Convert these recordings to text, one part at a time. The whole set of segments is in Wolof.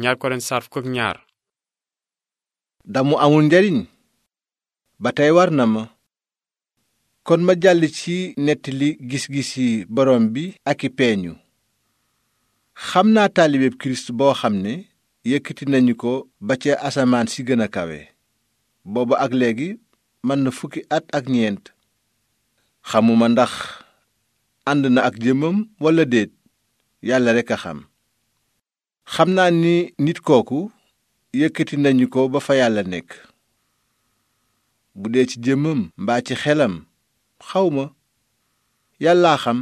ñaar Korent saar ñaar damu amul njariñ ba tey war na ma kon ma jàll ci nettali gis-gis yi borom bi ak i peeñu xam naa taalibeeb kirist boo xam ne yëkkati nañu ko ba ca asamaan si gën a kawe booba ak léegi mën na fukki at ak ñeent xamuma ndax ànd na ak jëmmam walla déet yàlla rekk a xam xam naa ni nit kooku yëkkati nañu ko ba fa yàlla nekk bu dee ci jëmmam mbaa ci xelam xawma yàllaa xam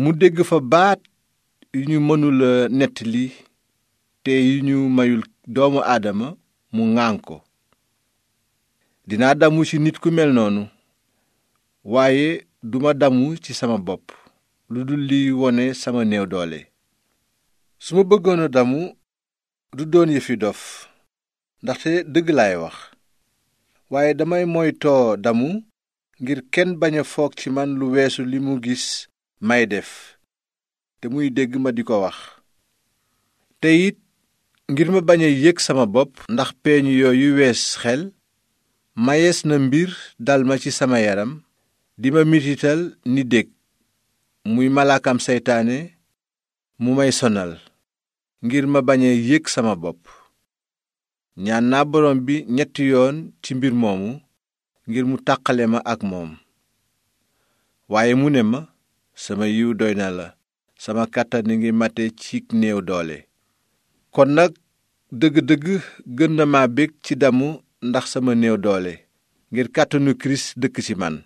mu dégg fa baat yu ñu mënula nettali te yu ñu mayul doomu aadama mu ŋaan ko dinaa damu ci nit ku mel noonu waaye duma damu ci sama bopp lu dul liy wone sama néew doole su ma bëggoon a damu du doon yëfi dof ndaxte dëgg laay wax waaye damay moytoo damu ngir kenn bañ a foog ci man lu weesu li mu gis may def te muy dégg ma di ko wax te it ngir ma bañ a yëg sama bopp ndax peeñ yooyu wees xel mayees na mbir dal ma ci sama yaram di ma mitital ni dégg muy malaakam seytaane mu may sonal ngir ma bañ a sama bopp ñaan naa borom bi ñetti yoon ci mbir moomu ngir mu taqale ma ak moom waaye mu ne ma sama yiw doy na la sama kàttan ngi mate ci néew doole kon nag dëgg-dëgg gën na ma bég ci damu ndax sama néew doole ngir kàttanu kirist dëkk ci man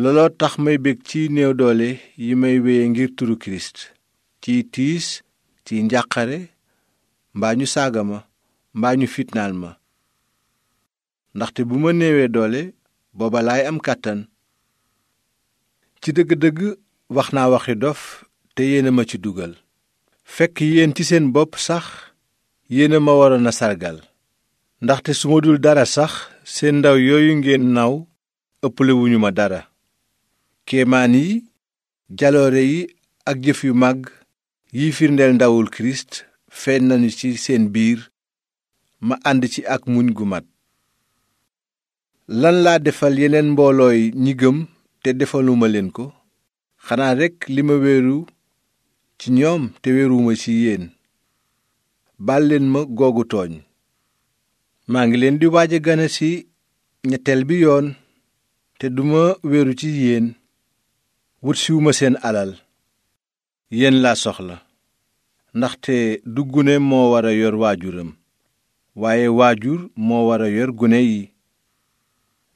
looloo tax may bég ci néew doole yi may wéye ngir turu kirist ciy tiis ci njàqare mbaa ñu saaga ma mbaa ñu fitnaal ma ndaxte bu ma neewee doole booba laay am kàttan ci dëgg-dëgg wax naa waxi dof te yéena ma ci dugal fekk yéen ci seen bopp sax yéena ma waroon a sargal ndaxte su ma dul dara sax seen ndaw yooyu ngeen naw ëpplewuñu ma dara kéemaan yi jaloore yi ak jëf yu màgg yii firndeel ndawul kirist feeñ nañu ci seen biir ma ànd ci ak muñ gu mat lan laa defal yeneen mboolooy ñi gëm te defaluma leen ko xanaa rekk li ma wéeru ci ñoom te wéeruma ci yéen baal leen ma googu tooñ maa ngi leen di waaja a gane si ñetteel bi yoon te duma wéeru ci yéen wutsiwuma seen alal yéen laa soxla ndaxte du gune moo war yor waajuram waaye waajur moo war a yor gune yi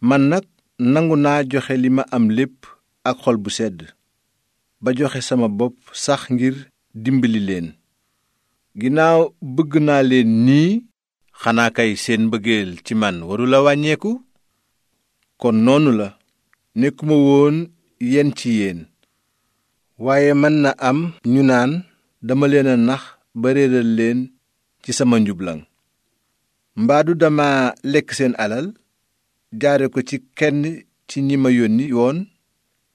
man nag nangu naa joxe li ma am lépp ak xol bu sedd ba joxe sama bopp sax ngir dimbali leen ginnaaw bëgg naa leen nii xanaa kay seen mbëggeel ci man warula wàññeeku kon noonu la nekkuma woon yen ci yéen waaye mën na am ñu naan dama leen a nax ba réeral leen ci sama njublaŋ mbaadu dama lekk seen alal jaare ko ci kenn ci ñi ma yónni woon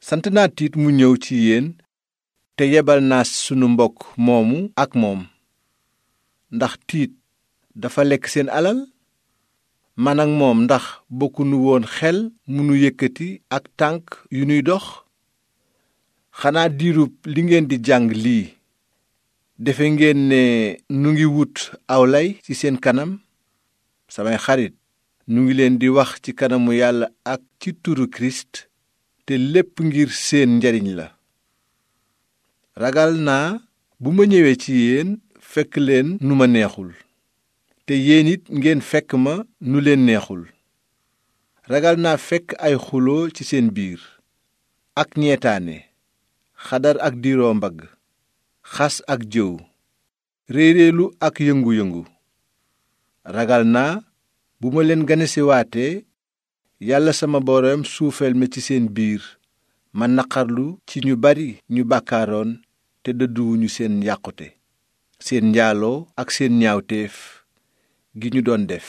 sant naa tiit mu ñëw ci yéen te yebal naa sunu mbokk moomu ak moom ndax tiit dafa lekk seen alal man ak moom ndax bokkunu woon xel munu yëkkati ak tànk yu nuy dox xanaa diirub li ngeen di jàng lii defe ngeen ne nu ngi wut aw lay ci seen kanam samay xarit nu ngi leen di wax ci kanamu yàlla ak ci turu kirist te lépp ngir seen njariñ la ragal naa bu ma ñëwee ci yéen fekk leen nu ma neexul te yéen it ngeen fekk ma nu leen neexul ragal naa fekk ay xuloo ci seen biir ak ñeetaane xadar ak diiroo mbagg xas ak jëw réeréelu ak yëngu-yëngu ragal naa bu ma leen ganesiwaatee yàlla sama boroom suufeel ma ci seen biir ma naqarlu ci ñu bari ñu bàkkaaroon te dëdduwuñu seen yàqute seen njaaloo ak seen ñaawteef gi ñu doon def